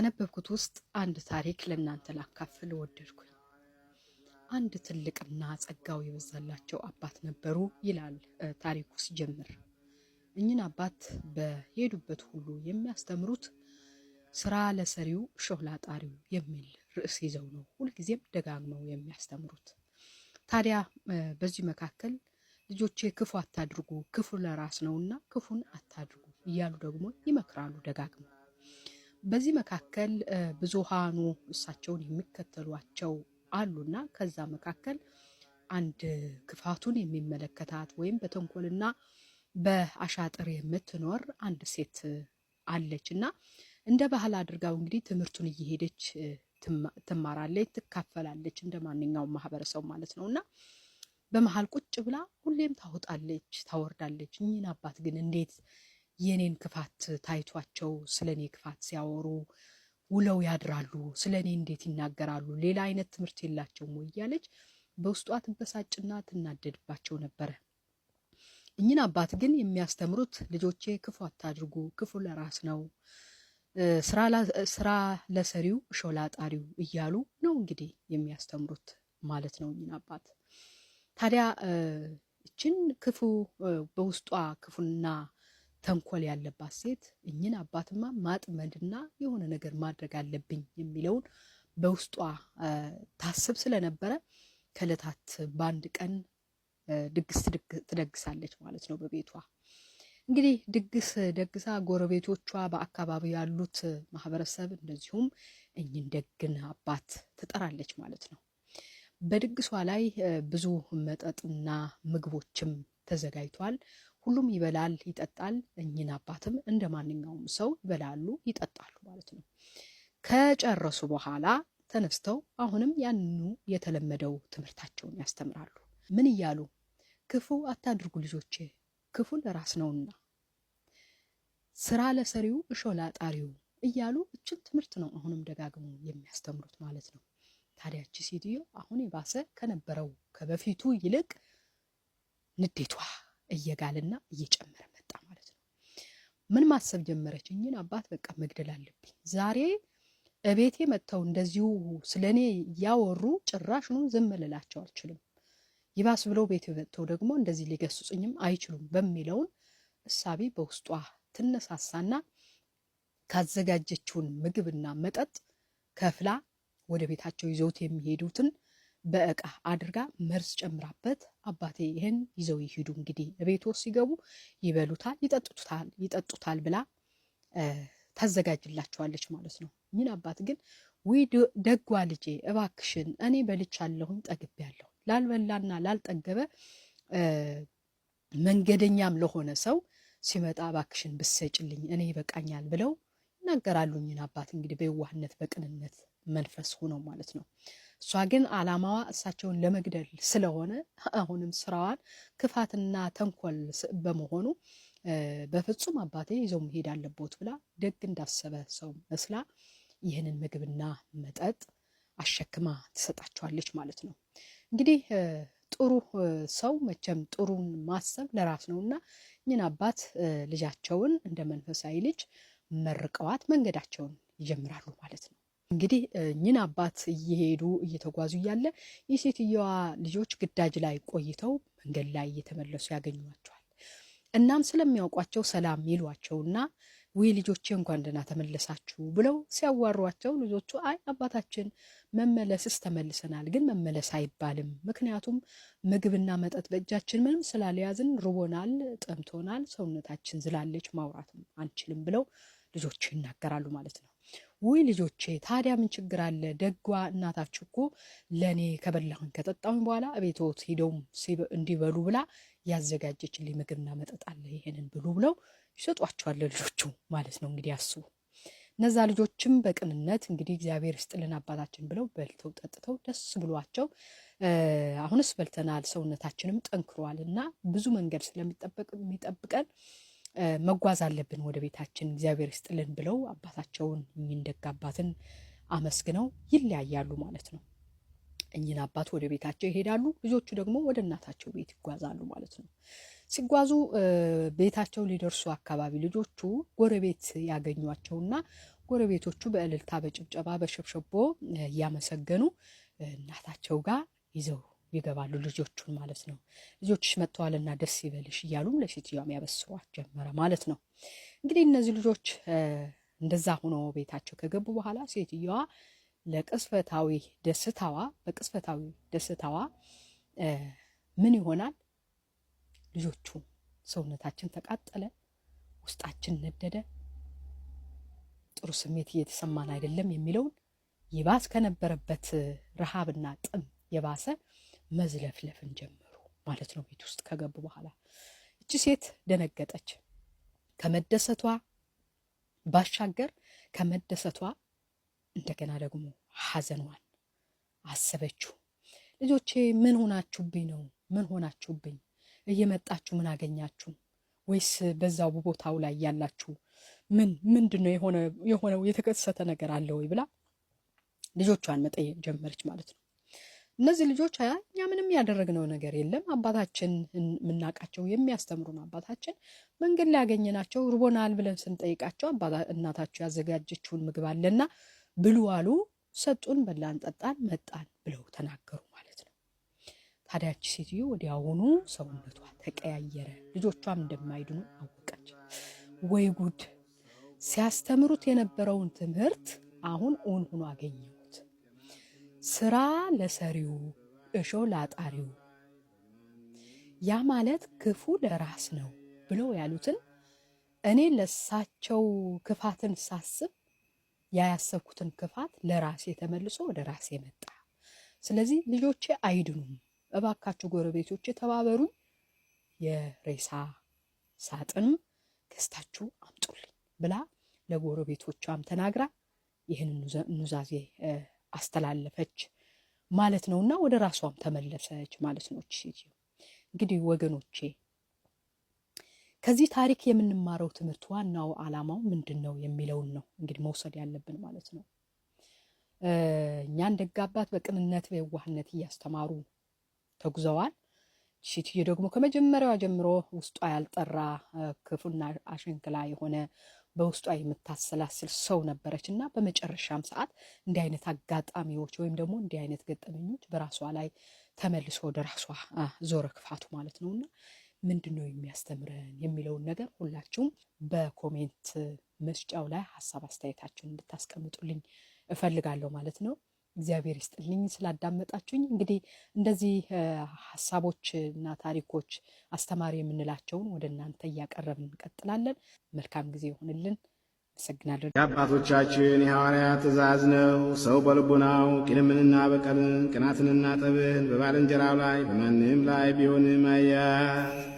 ካነበብኩት ውስጥ አንድ ታሪክ ለእናንተ ላካፍል ወደድኩኝ። አንድ ትልቅና ጸጋው የበዛላቸው አባት ነበሩ ይላል ታሪኩ ሲጀምር። እኝን አባት በሄዱበት ሁሉ የሚያስተምሩት ስራ ለሰሪው ሾላ ላጣሪው የሚል ርዕስ ይዘው ነው ሁልጊዜም ደጋግመው የሚያስተምሩት። ታዲያ በዚህ መካከል ልጆቼ ክፉ አታድርጉ፣ ክፉ ለራስ ነውና ክፉን አታድርጉ እያሉ ደግሞ ይመክራሉ ደጋግመው። በዚህ መካከል ብዙሃኑ እሳቸውን የሚከተሏቸው አሉና ከዛ መካከል አንድ ክፋቱን የሚመለከታት ወይም በተንኮልና በአሻጥር የምትኖር አንድ ሴት አለች እና እንደ ባህል አድርጋው እንግዲህ ትምህርቱን እየሄደች ትማራለች፣ ትካፈላለች እንደ ማንኛውም ማህበረሰብ ማለት ነው እና በመሀል ቁጭ ብላ ሁሌም ታወጣለች፣ ታወርዳለች። እኚህን አባት ግን እንዴት የኔን ክፋት ታይቷቸው ስለ እኔ ክፋት ሲያወሩ ውለው ያድራሉ። ስለ እኔ እንዴት ይናገራሉ? ሌላ አይነት ትምህርት የላቸውም ወይ እያለች በውስጧ ትበሳጭና ትናደድባቸው ነበረ። እኚህን አባት ግን የሚያስተምሩት ልጆቼ ክፉ አታድርጉ፣ ክፉ ለራስ ነው፣ ስራ ለሰሪው ሾላ ጣሪው እያሉ ነው እንግዲህ የሚያስተምሩት ማለት ነው። እኚህን አባት ታዲያ እችን ክፉ በውስጧ ክፉና ተንኮል ያለባት ሴት እኝን አባትማ ማጥመድና የሆነ ነገር ማድረግ አለብኝ የሚለውን በውስጧ ታስብ ስለነበረ ከእለታት በአንድ ቀን ድግስ ትደግሳለች ማለት ነው በቤቷ። እንግዲህ ድግስ ደግሳ ጎረቤቶቿ፣ በአካባቢው ያሉት ማህበረሰብ እንደዚሁም እኝን ደግን አባት ትጠራለች ማለት ነው። በድግሷ ላይ ብዙ መጠጥና ምግቦችም ተዘጋጅቷል። ሁሉም ይበላል ይጠጣል። እኝን አባትም እንደ ማንኛውም ሰው ይበላሉ ይጠጣሉ ማለት ነው። ከጨረሱ በኋላ ተነስተው አሁንም ያንኑ የተለመደው ትምህርታቸውን ያስተምራሉ። ምን እያሉ ክፉ አታድርጉ ልጆቼ፣ ክፉ ለራስ ነውና ስራ ለሰሪው እሾህ ላጣሪው እያሉ እችን ትምህርት ነው አሁንም ደጋግሞ የሚያስተምሩት ማለት ነው። ታዲያች ሴትዮ አሁን የባሰ ከነበረው ከበፊቱ ይልቅ ንዴቷ እየጋለና እየጨመረ መጣ ማለት ነው። ምን ማሰብ ጀመረች? እኝን አባት በቃ መግደል አለብኝ። ዛሬ እቤቴ መጥተው እንደዚሁ ስለ እኔ እያወሩ ጭራሽ ነው ዝም ልላቸው አልችልም። ይባስ ብለው ቤቴ መጥተው ደግሞ እንደዚህ ሊገሱጽኝም አይችሉም በሚለውን እሳቤ በውስጧ ትነሳሳና ካዘጋጀችውን ምግብና መጠጥ ከፍላ ወደ ቤታቸው ይዘውት የሚሄዱትን በእቃ አድርጋ መርዝ ጨምራበት አባቴ ይህን ይዘው ይሄዱ እንግዲህ ቤት ሲገቡ ይበሉታል፣ ይጠጡታል ይጠጡታል ብላ ታዘጋጅላቸዋለች ማለት ነው። ይህን አባት ግን ውይ ደጓ ልጄ እባክሽን እኔ በልቻለሁኝ ጠግቤያለሁ። ላልበላና ላልጠገበ መንገደኛም ለሆነ ሰው ሲመጣ እባክሽን ብሰጭልኝ እኔ ይበቃኛል ብለው ይናገራሉ። ይህን አባት እንግዲህ በየዋህነት በቅንነት መንፈስ ሆነው ማለት ነው። እሷ ግን አላማዋ እሳቸውን ለመግደል ስለሆነ አሁንም ስራዋን ክፋትና ተንኮል በመሆኑ በፍጹም አባቴ ይዘው መሄድ አለቦት ብላ ደግ እንዳሰበ ሰው መስላ ይህንን ምግብና መጠጥ አሸክማ ትሰጣቸዋለች ማለት ነው። እንግዲህ ጥሩ ሰው መቼም ጥሩን ማሰብ ለራስ ነው እና ይህን አባት ልጃቸውን እንደ መንፈሳዊ ልጅ መርቀዋት መንገዳቸውን ይጀምራሉ ማለት ነው። እንግዲህ እኝን አባት እየሄዱ እየተጓዙ እያለ የሴትየዋ ልጆች ግዳጅ ላይ ቆይተው መንገድ ላይ እየተመለሱ ያገኟቸዋል። እናም ስለሚያውቋቸው ሰላም ይሏቸውና ውይ ልጆቼ እንኳን ደህና ተመለሳችሁ ብለው ሲያዋሯቸው ልጆቹ አይ አባታችን መመለስስ ተመልሰናል፣ ግን መመለስ አይባልም። ምክንያቱም ምግብና መጠጥ በእጃችን ምንም ስላልያዝን ርቦናል፣ ጠምቶናል፣ ሰውነታችን ዝላለች፣ ማውራትም አንችልም ብለው ልጆቹ ይናገራሉ ማለት ነው። ውይ ልጆቼ ታዲያ ምን ችግር አለ? ደጓ እናታችሁ እኮ ለእኔ ከበላሁኝ ከጠጣሁኝ በኋላ ቤቶት ሄደውም እንዲበሉ ብላ ያዘጋጀችልኝ ምግብና መጠጥ አለ፣ ይሄንን ብሉ ብለው ይሰጧቸዋል ልጆቹ ማለት ነው። እንግዲህ አስቡ። እነዛ ልጆችም በቅንነት እንግዲህ እግዚአብሔር ይስጥልን አባታችን ብለው በልተው ጠጥተው ደስ ብሏቸው አሁንስ በልተናል፣ ሰውነታችንም ጠንክሯል እና ብዙ መንገድ ስለሚጠበቅ የሚጠብቀን መጓዝ አለብን ወደ ቤታችን እግዚአብሔር ይስጥልን ብለው አባታቸውን እኚህን ደግ አባትን አመስግነው ይለያያሉ ማለት ነው። እኝን አባት ወደ ቤታቸው ይሄዳሉ፣ ልጆቹ ደግሞ ወደ እናታቸው ቤት ይጓዛሉ ማለት ነው። ሲጓዙ ቤታቸው ሊደርሱ አካባቢ ልጆቹ ጎረቤት ያገኟቸውና ጎረቤቶቹ በእልልታ በጭብጨባ በሸብሸቦ እያመሰገኑ እናታቸው ጋር ይዘው ይገባሉ ልጆቹን ማለት ነው። ልጆችሽ መጥተዋልና ደስ ይበልሽ እያሉም ለሴትዮዋም ያበስሯት ጀመረ ማለት ነው። እንግዲህ እነዚህ ልጆች እንደዛ ሆኖ ቤታቸው ከገቡ በኋላ ሴትዮዋ ለቅስፈታዊ ደስታዋ በቅስፈታዊ ደስታዋ ምን ይሆናል ልጆቹ ሰውነታችን ተቃጠለ፣ ውስጣችን ነደደ፣ ጥሩ ስሜት እየተሰማን አይደለም የሚለውን ይባስ ከነበረበት ረሃብና ጥም የባሰ መዝለፍለፍን ጀመሩ ማለት ነው። ቤት ውስጥ ከገቡ በኋላ እቺ ሴት ደነገጠች። ከመደሰቷ ባሻገር ከመደሰቷ እንደገና ደግሞ ሐዘኗን አሰበችው። ልጆቼ ምን ሆናችሁብኝ ነው? ምን ሆናችሁብኝ? እየመጣችሁ ምን አገኛችሁ? ወይስ በዛው ቦታው ላይ ያላችሁ ምን ምንድን ነው የሆነው? የተከሰተ ነገር አለ ወይ ብላ ልጆቿን መጠየቅ ጀመረች ማለት ነው። እነዚህ ልጆች አያ እኛ ምንም ያደረግነው ነገር የለም አባታችን የምናውቃቸው የሚያስተምሩን አባታችን መንገድ ላይ ያገኘናቸው ርቦናል ብለን ስንጠይቃቸው እናታቸው ያዘጋጀችውን ምግብ አለና ብሉ አሉ። ሰጡን፣ በላን፣ ጠጣን፣ መጣን ብለው ተናገሩ ማለት ነው። ታዲያች ሴትዮ ወዲያውኑ ሰውነቷ ተቀያየረ፣ ልጆቿም እንደማይድኑ አወቀች። ወይ ጉድ! ሲያስተምሩት የነበረውን ትምህርት አሁን እውን ሆኖ አገኘው። ስራ ለሰሪው እሾህ ላጣሪው ያ ማለት ክፉ ለራስ ነው ብለው ያሉትን እኔ ለሳቸው ክፋትን ሳስብ ያያሰብኩትን ክፋት ለራሴ ተመልሶ ወደ ራሴ መጣ። ስለዚህ ልጆቼ አይድኑም፣ እባካችሁ ጎረቤቶቼ ተባበሩኝ፣ የሬሳ ሳጥንም ገዝታችሁ አምጡልኝ ብላ ለጎረቤቶቿም ተናግራ ይህን ኑዛዜ አስተላለፈች ማለት ነው እና ወደ ራሷም ተመለሰች ማለት ነው። እንግዲህ ወገኖቼ ከዚህ ታሪክ የምንማረው ትምህርት ዋናው ዓላማው ምንድን ነው የሚለውን ነው እንግዲህ መውሰድ ያለብን ማለት ነው። እኛን ደግ አባት በቅንነት በየዋህነት እያስተማሩ ተጉዘዋል። ሴትዮ ደግሞ ከመጀመሪያዋ ጀምሮ ውስጧ ያልጠራ ክፉና አሸንክላ የሆነ በውስጧ የምታሰላስል ሰው ነበረች እና በመጨረሻም ሰዓት እንዲህ አይነት አጋጣሚዎች ወይም ደግሞ እንዲህ አይነት ገጠመኞች በራሷ ላይ ተመልሶ ወደ ራሷ ዞረ ክፋቱ ማለት ነው እና ምንድን ነው የሚያስተምረን የሚለውን ነገር ሁላችሁም በኮሜንት መስጫው ላይ ሀሳብ አስተያየታችሁን እንድታስቀምጡልኝ እፈልጋለሁ ማለት ነው። እግዚአብሔር ይስጥልኝ ስላዳመጣችሁኝ። እንግዲህ እንደዚህ ሀሳቦች እና ታሪኮች አስተማሪ የምንላቸውን ወደ እናንተ እያቀረብን እንቀጥላለን። መልካም ጊዜ ይሆንልን። አመሰግናለሁ። የአባቶቻችን የሐዋርያት ትእዛዝ ነው። ሰው በልቡናው ቂምንና በቀልን ቅናትንና ጠብን በባልንጀራው ላይ በማንም ላይ ቢሆንም አያዝ